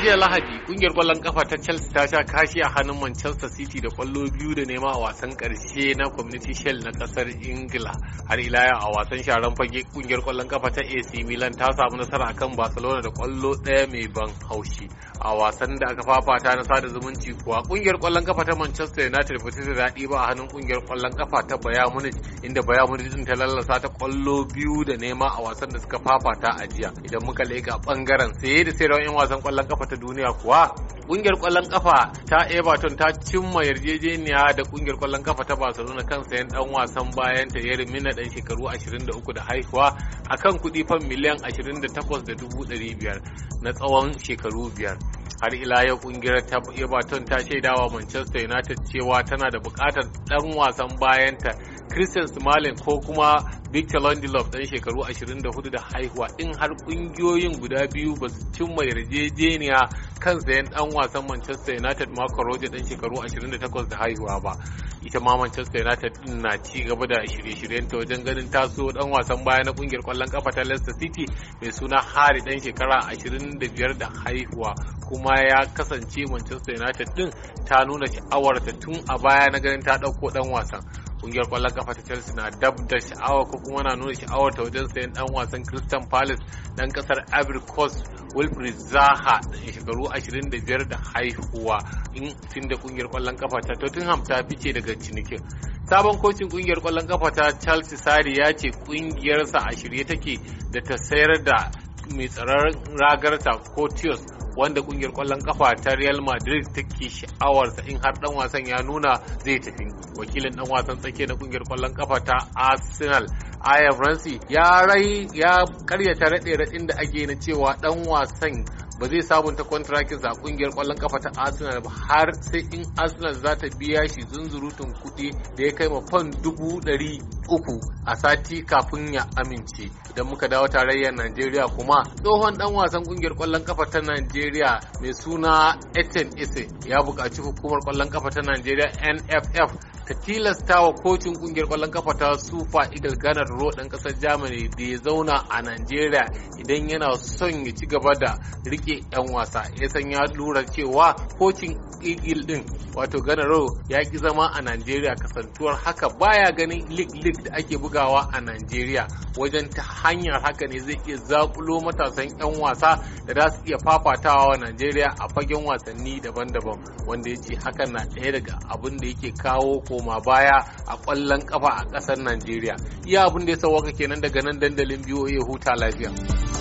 jiya lahadi kungiyar kwallon kafa ta chelsea ta sha kashi a hannun manchester city da kwallo biyu da nema a wasan karshe na community shield na kasar ingila har ila yau a wasan sharan fage kungiyar kwallon kafa ta ac milan ta samu nasara akan barcelona da kwallo daya mai ban haushi a wasan da aka fafata na sada zumunci kuwa kungiyar kwallon kafa ta manchester united ba ta daɗi ba a hannun kungiyar kwallon kafa ta bayern munich inda bayern munich ta lallasa ta kwallo biyu da nema a wasan da suka fafata a jiya idan muka leka bangaren sai da sai rawan yan wasan kwallon kafa kafa ta duniya kuwa kungiyar kwallon kafa ta Everton ta cimma yarjejeniya da kungiyar kwallon kafa ta Barcelona kan sayan dan wasan bayan ta Yerim Mina dan shekaru 23 da haihuwa akan kuɗi fan miliyan 28.500 na tsawon shekaru biyar. har ila yau kungiyar Everton ta shaidawa Manchester United cewa tana da bukatar dan wasan bayanta Christian Smalling ko kuma Victor Lindelof dan shekaru 24 da haihuwa in har kungiyoyin guda biyu ba su cimma yarjejeniya kan sayan dan wasan Manchester United Marco Rojo dan shekaru 28 da haihuwa ba ita ma Manchester United din na ci gaba da shirye-shiryen ta wajen ganin taso dan wasan baya na kungiyar kwallon kafa ta Leicester City mai suna Harry dan shekara 25 da haihuwa kuma ya kasance Manchester United din ta nuna sha'awarta tun a baya na ganin ta dauko dan wasan kungiyar kwallon kafa ta Chelsea na dab da sha'awa ko kuma na nuna sha'awar ta wajen sayan dan wasan Crystal Palace dan kasar Ivory Coast Wilfried Zaha da shekaru 25 da haihuwa in tun da kungiyar kwallon kafa ta Tottenham ta fice daga cinikin. Sabon kocin kungiyar kwallon kafa ta Chelsea Sari ya ce kungiyarsa a shirye take da ta sayar da mai tsaron ragarta Cotius wanda kungiyar kwallon kafa ta Real Madrid take sha'awarsa in har dan wasan ya nuna zai tafi. Wakilin dan wasan tsakiya na kungiyar kwallon kafa ta Arsenal Aya Ramsey ya rai ya karyata raɗe-raɗin da ake na cewa dan wasan ba zai sabunta kwantarakinsa a kungiyar kwallon kafa ta arsenal ba har sai in arsenal za ta biya shi zunzurutun kuɗi da ya kai ma fan dubu ɗari uku a sati kafin ya amince idan muka dawo tarayyar najeriya kuma tsohon dan wasan kungiyar kwallon kafa ta najeriya mai suna etienne ise ya buƙaci hukumar kwallon kafa ta najeriya nff ta tilasta wa kocin kungiyar kwallon kafa ta sufa idal ganar Ro ɗan ƙasar Germany da ya zauna a Najeriya idan yana son ya ci gaba da riƙe 'yan wasa ya san ya lura cewa kocin il din wato ganaro ya ki zama a najeriya kasantuwar haka baya ganin lig lig da ake bugawa a najeriya wajen ta hanyar haka ne zai iya zakulo matasan 'yan wasa da za su iya fafatawa wa najeriya a fagen wasanni daban-daban wanda ya ce hakan na ɗaya daga abin da yake kawo koma baya a ƙwallon kafa a ƙasar najeriya iya abin da ya sauwaka kenan daga nan dandalin biyo ya huta lafiya.